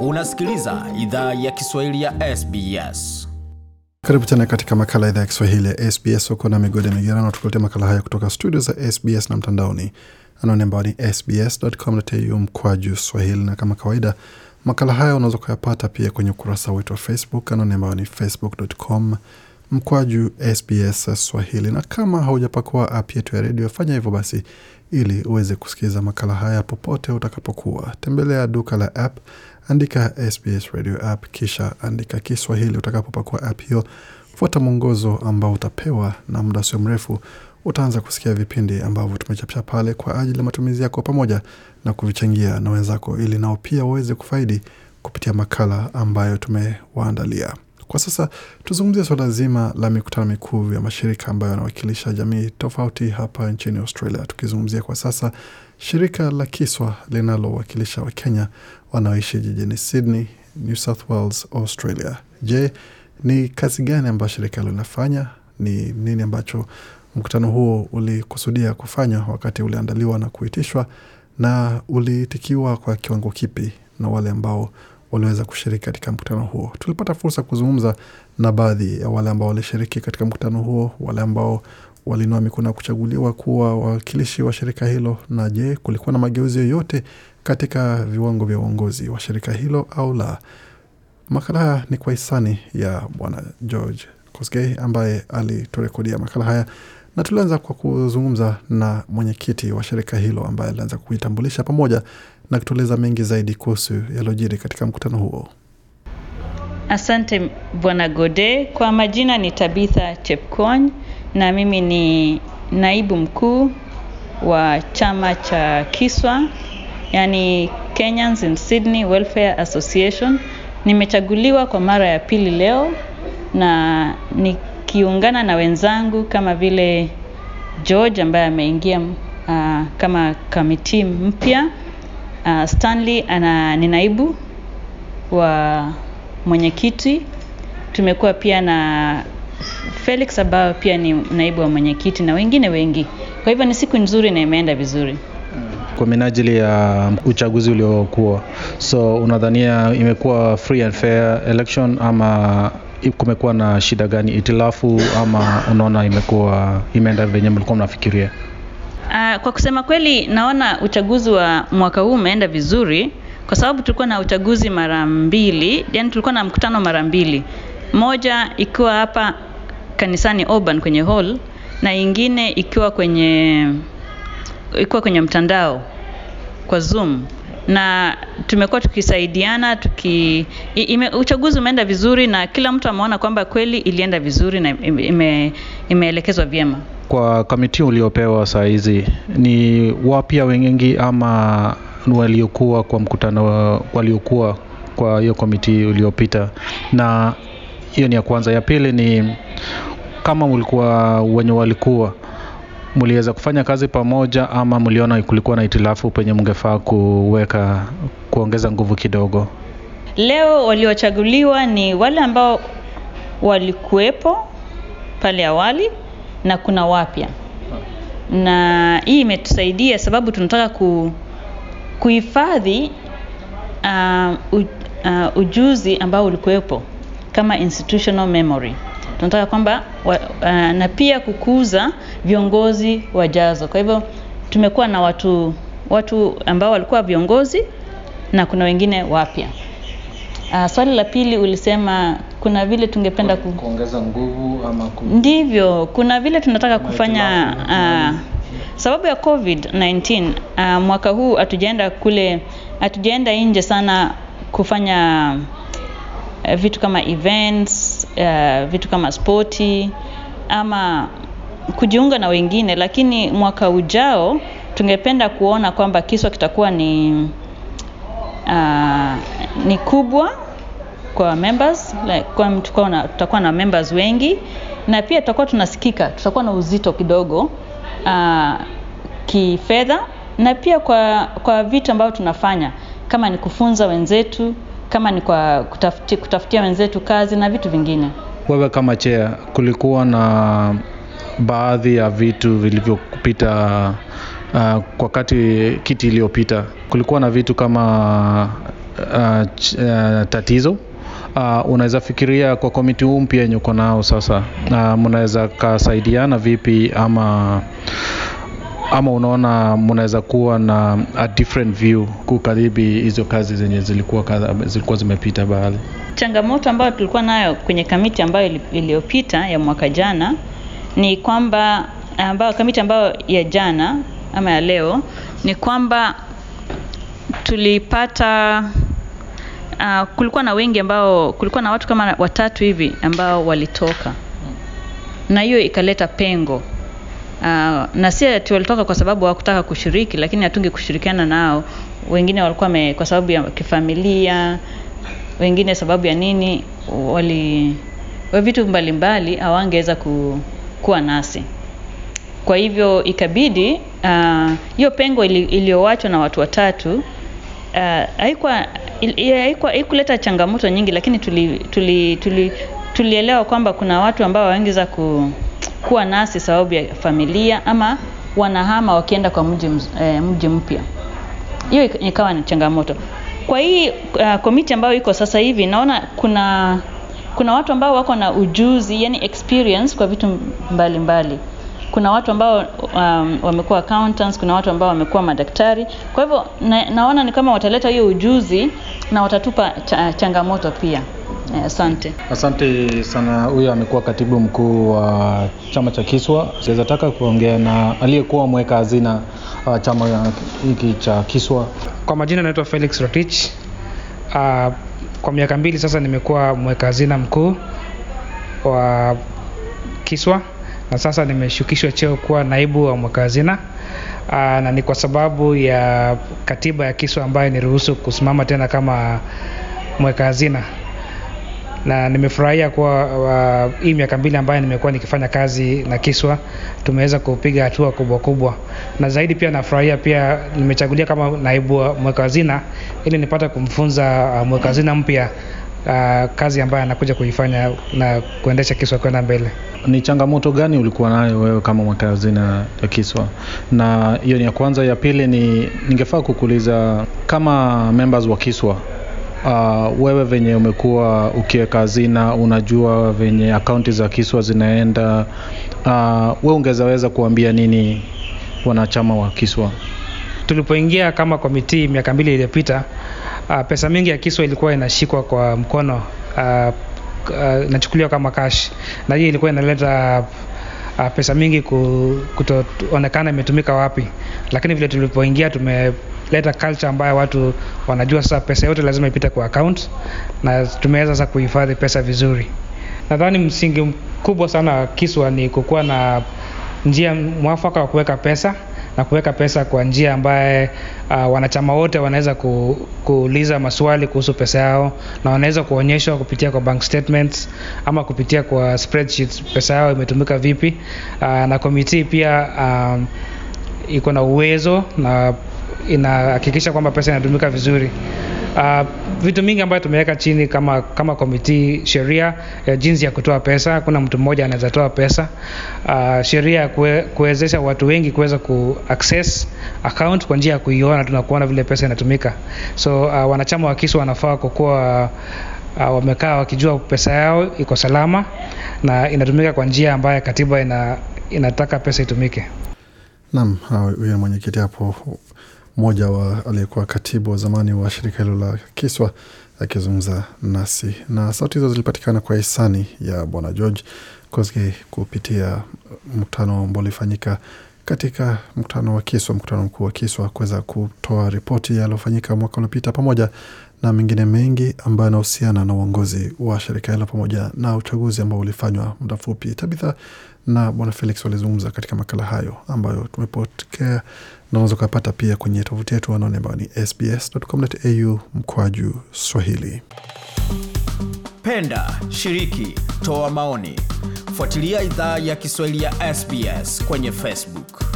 Unasikiliza idhaa ya Kiswahili ya SBS. Karibu tena katika makala idhaa ya Kiswahili ya SBS. Huko na migode migerano, tukuletea makala haya kutoka studio za SBS na mtandaoni, anwani ambayo ni sbs.com.au mkwaju swahili, na kama kawaida makala haya unaweza kuyapata pia kwenye ukurasa wetu wa Facebook, anwani ambayo ni facebook.com mkwaju SBS Swahili. Na kama haujapakua app yetu ya redio, fanya hivyo basi ili uweze kusikiliza makala haya popote utakapokuwa. Tembelea duka la app andika SBS Radio app, kisha andika Kiswahili utakapopakua app hiyo. Fuata mwongozo ambao utapewa, na muda sio mrefu utaanza kusikia vipindi ambavyo tumechapisha pale kwa ajili ya matumizi yako, pamoja na kuvichangia na wenzako, ili nao pia waweze kufaidi kupitia makala ambayo tumewaandalia. Kwa sasa tuzungumzie swala zima la mikutano mikuu ya mashirika ambayo yanawakilisha jamii tofauti hapa nchini Australia, tukizungumzia kwa sasa shirika la Kiswa linalowakilisha Wakenya wanaoishi jijini Sydney, New South Wales, Australia. Je, ni kazi gani ambayo shirika hilo linafanya? Ni nini ambacho mkutano huo ulikusudia kufanywa wakati uliandaliwa na kuitishwa, na ulitikiwa kwa kiwango kipi na wale ambao waliweza kushiriki katika mkutano huo. Tulipata fursa kuzungumza na baadhi ya wale ambao walishiriki katika mkutano huo, wale ambao walinua mikono ya kuchaguliwa kuwa wawakilishi wa shirika hilo, na je, kulikuwa na mageuzi yoyote katika viwango vya uongozi wa shirika hilo au la? Makala haya ni kwa hisani ya Bwana George Kosgei ambaye aliturekodia makala haya na tulianza kwa kuzungumza na mwenyekiti wa shirika hilo ambaye alianza kuitambulisha pamoja na kutueleza mengi zaidi kuhusu yaliyojiri katika mkutano huo. Asante Bwana Gode. Kwa majina ni Tabitha chepkon na mimi ni naibu mkuu wa chama cha Kiswa, yani Kenyans in Sydney Welfare Association. Nimechaguliwa kwa mara ya pili leo na nikiungana na wenzangu kama vile George ambaye ameingia uh, kama kamiti mpya Uh, Stanley ana ni naibu wa mwenyekiti. Tumekuwa pia na Felix ambao pia ni naibu wa mwenyekiti na wengine wengi. Kwa hivyo ni siku nzuri na imeenda vizuri kwa minajili ya uchaguzi uliokuwa. So unadhania imekuwa free and fair election ama kumekuwa na shida gani, itilafu ama unaona imekuwa imeenda venye mlikuwa mnafikiria? Uh, kwa kusema kweli naona uchaguzi wa mwaka huu umeenda vizuri kwa sababu tulikuwa na uchaguzi mara mbili, yani tulikuwa na mkutano mara mbili, moja ikiwa hapa kanisani Oban kwenye hall na ingine ikiwa kwenye ikiwa kwenye mtandao kwa Zoom na tumekuwa tukisaidiana tuki ime, uchaguzi umeenda vizuri na kila mtu ameona kwamba kweli ilienda vizuri na ime, imeelekezwa vyema kwa kamiti uliopewa saa hizi ni wapya wengi ama waliokuwa kwa mkutano waliokuwa kwa hiyo komiti uliopita na hiyo ni ya kwanza ya pili ni kama mlikuwa wenye walikuwa mliweza kufanya kazi pamoja ama mliona kulikuwa na itilafu penye mngefaa kuweka kuongeza nguvu kidogo leo waliochaguliwa ni wale ambao walikuwepo pale awali na kuna wapya na hii imetusaidia sababu tunataka ku, kuhifadhi uh, u, uh, ujuzi ambao ulikuwepo kama institutional memory tunataka kwamba wa, uh, na pia kukuza viongozi wajazo kwa hivyo tumekuwa na watu watu ambao walikuwa viongozi na kuna wengine wapya uh, swali la pili ulisema kuna vile tungependa ku... kuongeza nguvu ama ku... ndivyo kuna vile tunataka kufanya uh, sababu ya COVID-19 uh, ah, mwaka huu hatujaenda kule, hatujaenda nje sana kufanya uh, vitu kama events uh, vitu kama spoti ama kujiunga na wengine, lakini mwaka ujao tungependa kuona kwamba Kiswa kitakuwa ni uh, ni kubwa kwa members like, kwa tutakuwa na, tutakuwa na members wengi na pia tutakuwa tunasikika, tutakuwa na uzito kidogo uh, kifedha na pia kwa, kwa vitu ambavyo tunafanya kama ni kufunza wenzetu, kama ni kwa kutafuti, kutafutia wenzetu kazi na vitu vingine. Wewe kama chea, kulikuwa na baadhi ya vitu vilivyopita uh, ah, kati kiti iliyopita, kulikuwa na vitu kama uh, ch, uh, tatizo uh, unaweza fikiria kwa komiti huu mpya yenye uko nao sasa, uh, mnaweza kasaidiana vipi ama ama unaona mnaweza kuwa na a different view kukaribi hizo kazi zenye zilikuwa, zilikuwa zimepita baadhi. Changamoto ambayo tulikuwa nayo kwenye kamiti ambayo iliyopita ya mwaka jana ni kwamba ambayo kamiti ambayo ya jana ama ya leo ni kwamba tulipata uh, kulikuwa na wengi ambao kulikuwa na watu kama watatu hivi ambao walitoka na hiyo ikaleta pengo Uh, na si ati walitoka kwa sababu hawakutaka kushiriki, lakini hatunge kushirikiana nao. Wengine walikuwa me, kwa sababu ya kifamilia, wengine sababu ya nini, wali wa vitu mbalimbali hawangeweza ku, kuwa nasi. Kwa hivyo ikabidi ah, hiyo uh, pengo iliyowachwa na watu watatu uh, haikuwa haikuleta changamoto nyingi, lakini tuli, tuli, tuli, tulielewa kwamba kuna watu ambao hawangeweza ku, kuwa nasi sababu ya familia ama wanahama wakienda kwa mji, e, mji mpya. Hiyo ikawa ni changamoto. Kwa hii uh, komiti ambayo iko sasa hivi naona kuna kuna watu ambao wako na ujuzi yani experience kwa vitu mbalimbali mbali kuna watu ambao um, wamekuwa accountants, kuna watu ambao wamekuwa madaktari. Kwa hivyo na, naona ni kama wataleta hiyo ujuzi na watatupa cha, changamoto pia. Eh, asante. Asante sana. Huyo amekuwa katibu mkuu wa uh, chama cha Kiswa. Siweza taka kuongea na aliyekuwa mweka hazina uh, chama hiki cha Kiswa. Kwa majina naitwa Felix Rotich. Uh, kwa miaka mbili sasa nimekuwa mweka hazina mkuu wa Kiswa na sasa nimeshukishwa cheo kuwa naibu wa mweka hazina ah, na ni kwa sababu ya katiba ya Kiswa ambayo niruhusu kusimama tena kama mweka hazina na nimefurahia kuwa uh, hii miaka mbili ambayo nimekuwa nikifanya kazi na Kiswa tumeweza kupiga hatua kubwa kubwa, na zaidi pia nafurahia pia nimechagulia kama naibu mweka hazina ili nipate kumfunza uh, mweka hazina mpya uh, kazi ambayo anakuja kuifanya na kuendesha Kiswa kwenda mbele. Ni changamoto gani ulikuwa nayo wewe kama mwekazina ya Kiswa? Na hiyo ni ya kwanza. Ya pili ni ningefaa kukuuliza kama members wa Kiswa Uh, wewe venye umekuwa ukiweka hazina, unajua venye akaunti za Kiswa zinaenda, uh, ah, we ungezaweza kuambia nini wanachama wa Kiswa? Tulipoingia kama komiti miaka mbili iliyopita uh, pesa mingi ya Kiswa ilikuwa inashikwa kwa mkono uh, ah, uh, ah, nachukuliwa kama cash, na hiyo ilikuwa inaleta uh, pesa mingi kutoonekana imetumika wapi, lakini vile tulipoingia tume leta culture ambayo watu wanajua sasa pesa yote lazima ipite kwa account na tumeweza sasa kuhifadhi pesa vizuri. Nadhani msingi mkubwa sana wa Kiswa ni kukuwa na njia mwafaka wa kuweka pesa na kuweka pesa kwa njia ambaye uh, wanachama wote wanaweza ku, kuuliza maswali kuhusu pesa yao na wanaweza kuonyeshwa kupitia kwa bank statements ama kupitia kwa spreadsheets pesa yao imetumika vipi. Uh, na committee pia um, iko na uwezo na inahakikisha kwamba pesa inatumika vizuri. Uh, vitu mingi ambayo tumeweka chini kama kama komiti, sheria ya eh, jinsi ya kutoa pesa, kuna mtu mmoja anaweza toa pesa. Uh, sheria ya kue, kuwezesha watu wengi kuweza ku access account kwa njia ya kuiona, tunakuona vile pesa inatumika. So uh, wanachama wa KISU wanafaa kukuwa uh, wamekaa wakijua pesa yao iko salama na inatumika kwa njia ambayo katiba ina, inataka pesa itumike. Naam, huyo mwenyekiti hapo mmoja wa aliyekuwa katibu wa zamani wa shirika hilo la Kiswa akizungumza nasi, na sauti hizo zilipatikana kwa hisani ya bwana George Kosgey kupitia mkutano ambao ulifanyika katika mkutano wa Kiswa, mkutano mkuu wa Kiswa, kuweza kutoa ripoti yaliyofanyika mwaka uliopita pamoja na mengine mengi ambayo yanahusiana na uongozi wa shirika hilo pamoja na uchaguzi ambao ulifanywa muda mfupi. Tabitha na Bwana Felix walizungumza katika makala hayo ambayo tumepokea na unaweza ukapata pia kwenye tovuti yetu wanaone ambayo ni sbs.com.au mkwaju Swahili. Penda, shiriki, toa maoni, fuatilia idhaa ya Kiswahili ya SBS kwenye Facebook.